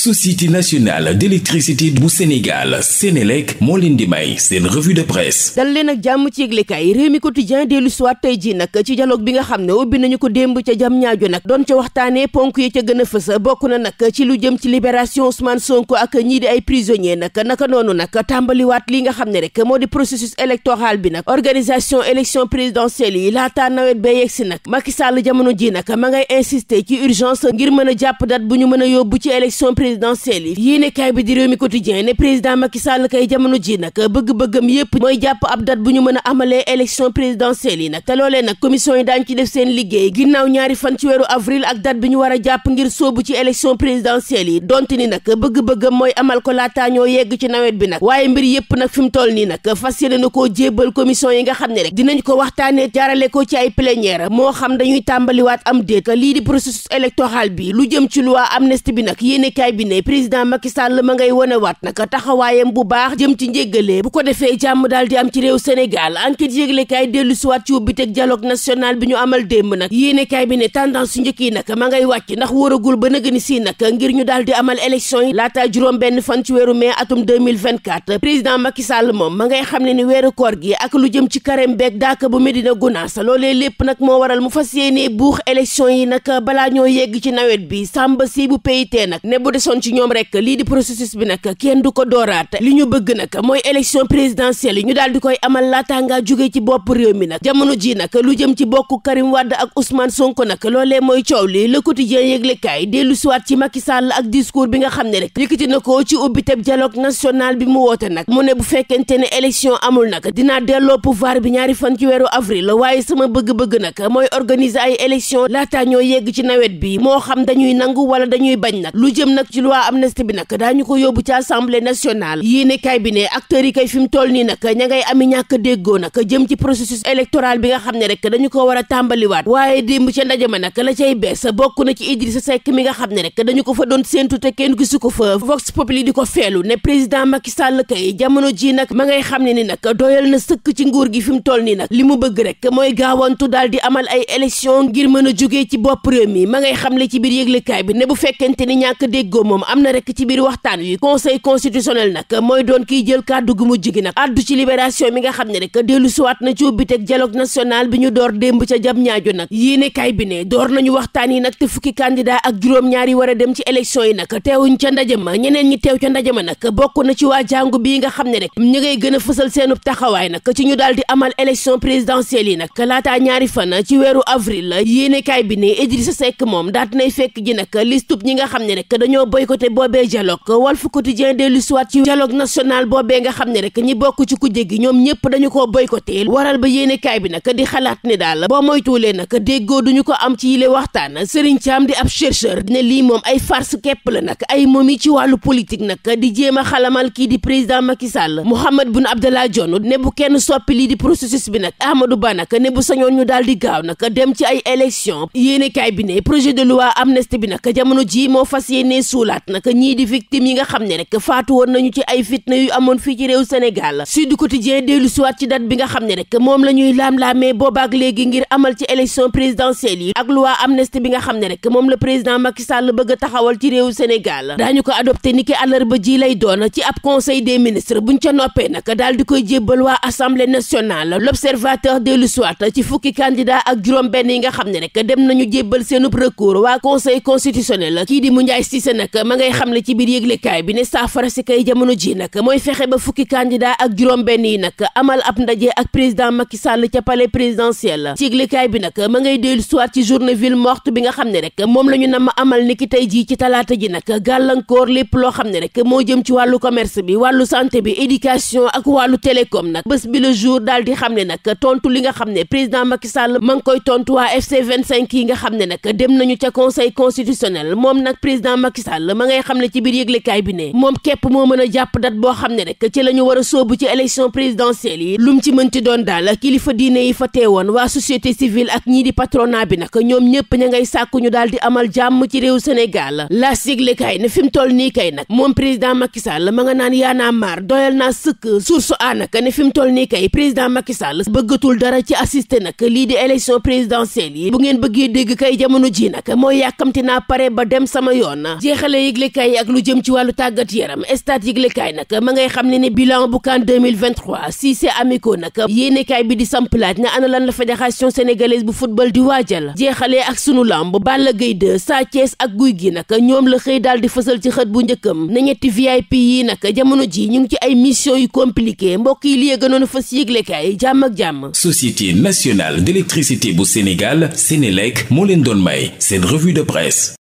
société nationale d'électricité bu Sénégal Sénélec moo leen di may seen revue de presse dal leen ak jàmm ci yëglekaay réew mi quotidien dellu siwaat tey ji nag ci dialogue bi nga xam ne ubbi nañu ko démb ca jam ñaajo nag doon ca waxtaanee ponk yi ca gën a fës bokk na nag ci lu jëm ci libération Ousmane Sonko ak ñii di ay prisonnier nag naka noonu nag tàmbaliwaat li nga xam ne rek moo di processus électoral bi nag organisation élection présidentielle yi laataa nawet bee yegsi nag ji nag a jàpp a présidentielle yi yéenekaay bi di réew mi quotidien ne président Macky Sall kay jamono ji nag bëgg-bëggam yépp mooy jàpp ab date bu ñu mën a amalee élection présidentielle yi nag te loolee nag commission yi daañu ci def seen liggéey ginnaaw ñaari fan ci weeru avril ak date bi ñu war a jàpp ngir sóobu ci élection présidentielle yi donte ni nag bëgg-bëggam mooy amal ko laataa ñoo yegg ci nawet bi nag waaye mbir yépp nag fi toll nii nag fas yéene na koo jébbal yi nga xam bi président Macky ma ngay wane waat naka taxawaayam bu baax jëm ci njéggalee bu ko defee jàmm daal di am ci réew Sénégal enquête yéglekaay dellu siwaat ci ubbiteg dialogue national bi ñu amal démb nag yéenekaay bi ne tendance su njëkk yi ma ngay wàcc ndax wóoragul ba nëg ni si nag ngir ñu daal amal élection yi laataa juróom benn fan ci weeru mai atum président Macky moom ma ngay xam ni weeru koor gi ak lu jëm ci karem daaka bu Medina Gounass desoon ci ñoom rek lii di processus bi nag kenn du ko dooraat li ñu bëgg nag mooy élection présidentielle yi ñu daal di koy amal laata ngaa jógee ci bopp réew mi nag jamono ji nag lu jëm ci bokk Karim Wade ak Ousmane Sonko nag loolee mooy coow li le quotidien yëglekaay dellu siwaat ci Macky Sall ak discours bi nga xam ne rek yëkkati na ko ci ubbiteb dialogue national bi mu woote nag mu ne bu fekkente ne élection amul nag dinaa delloo pouvoir bi ñaari fan ci weeru avril waaye sama bëgg-bëgg nag mooy organiser ay élection laata ñoo yegg ci nawet bi moo xam dañuy nangu wala dañuy bañ nag lu jëm nag ci loi amnistie bi nag daañu ko yóbbu ci assemblée nationale yéene kay bi ne acteurs yi kay fi toll nii nag ña ami ñàkk déggoo nag jëm ci processus électoral bi nga xam ne rek dañu ko war a tàmbaliwaat waaye démb ca ndaje ma nag la cay bees bokk na ci Idrissa Seck mi nga xam ne rek dañu ko fa doon séentu te kenn gisu ko fa Vox Populi di ko feelu ne président Macky Sall kay jamono ji nag ma ngay xam ne ni nag doyal na sëkk ci nguur gi fi mu toll nii nag li mu bëgg rek mooy gaawantu daal di amal ay élection ngir mën a jógee ci bopp réew mi ma ngay xam le ci biir yëglekaay bi ne bu fekkente ni moom am na rek ci biir waxtaan wi conseil constitutionnel nag mooy doon kiy jël kàddu gu mujj gi nag addu ci libération mi nga xam ne rek dellu siwaat na ci ubbiteg dialogue nag yéene kay bi ne ak juróom-ñaar yi war a dem ci élection yi nag teewuñ ca ndaje ma ñeneen ñi teew ca ndaje ma nag bokk na ci waa jàngu bii nga xam ne rek ñu ngay gën a fësal seenub taxawaay nag ci ñu daal di amal élection présidentielle yi nag laataa ñaari fan ci weeru avril yéene kay bi ne Idrissa Seck moom daat nay fekk ji nag listub ñi boycotté boobee dialogue Walf Quotidien dellu siwaat ci dialogue national boobee nga xam ne rek ñi bokk ci kujje gi ñoom ñëpp dañu koo boycotté waral ba yéenekaay bi nag di xalaat ne daal boo moytuwulee nag déggoo duñu ko am ci yile waxtaan Serigne Thiam di ab chercheur ne lii moom ay farce képp la nag ay moom yi ci wàllu politique nag di jéem a xalamal kii di président Macky Sall Mahammed Boun Abdallah Dionne ne bu kenn soppi lii di processus bi nag Amadou Ba nag ne bu sañoon ñu daal di gaaw nag dem ci ay élection yéenekaay bi ne projet de loi amnistie fàttaliwaat nag ñii di victime yi nga xam ne rek faatu woon nañu ci ay fitna yu amoon fii ci réew Sénégal Sud Quotidien dellu siwaat ci date bi nga xam ne rek moom la ñuy laam-laamee boobaak léegi ngir amal ci élection présidentielle yi ak loi amnistie bi nga xam ne rek moom la président Macky Sall bëgg taxawal ci réew Sénégal daañu ko adopté ni ki àllarba ji lay doon ci ab conseil des ministres buñ ca noppee nag daal di koy jébbal waa assemblée nationale l'observateur dellu siwaat ci fukki candidat ak juróom benn yi nga xam ne rek dem nañu jébbal seenub recours waa conseil constitutionnel kii di Moundiaye Cissé nag nag ma ngay xam ne ci biir yëglekaay bi ne saafara si kay jamono ji nag mooy fexe ba fukki candidat ak juróom benn yi nag amal ab ndaje ak président Macky Sall ca pale présidentiel ci yëglekaay bi nag ma ngay dellu soit ci journée ville morte bi nga xam ne rek moom la ñu ma amal niki tey jii ci talaata ji nag gàllankoor lépp loo xam ne rek moo jëm ci wàllu commerce bi wàllu santé bi éducation ak wàllu télécom nag bés bi le jour daal di xam ne nag tontu li nga xam ne président Macky Sall ma koy tontu waa FC 25 yi nga xam ne nag dem nañu ca conseil moom nag président Macky Sall Sall ma ngay xam ne ci biir yëglekaay bi ne moom képp moo mën a jàpp dat boo xam ne rek ci la ñu war a sóobu ci élection présidentielle yi lu mu ci mënti doon daal kilifa diine yi fa teewoon waa société sivil ak ñii di patronat bi nag ñoom ñëpp ña ngay sàkku ñu daal di amal jàmm ci réew Sénégal laas yëglekaay ne fi mu toll nii kay nag moom président Macky Sall ma nga naan yaanaa maar doyal naa sëkk source a nag ne fi mu toll nii kay président Macky Sall bëggatul dara ci assister nag lii di élection présidentielle yi bu ngeen bëggee dégg kay jamono ji nag mooy yàkkamti naa ba dem sama yoon la yi ak lu jëm ci wàllu tàggat yaram stade yëglekaay nag ma ngay xam ne ne bilan bu CAN 2023 Cissé Amico nag yéenekaay bi di samplaat na ana lan la fédération sénégalaise bu football di waajal jeexalee ak sunu lamb Balla Gaye 2 Sa Thiès ak guy gi nag ñoom la xëy daal di fësal ci xët bu njëkkam na ñetti VIP yi nag jamono ji ñu ngi ci ay mission yu compliqué mbokk yi li gënoon a fës yëglekaay jàmm ak jàmm Société nationale d'électricité bu Sénégal Sénélec moo leen doon may seen revue de presse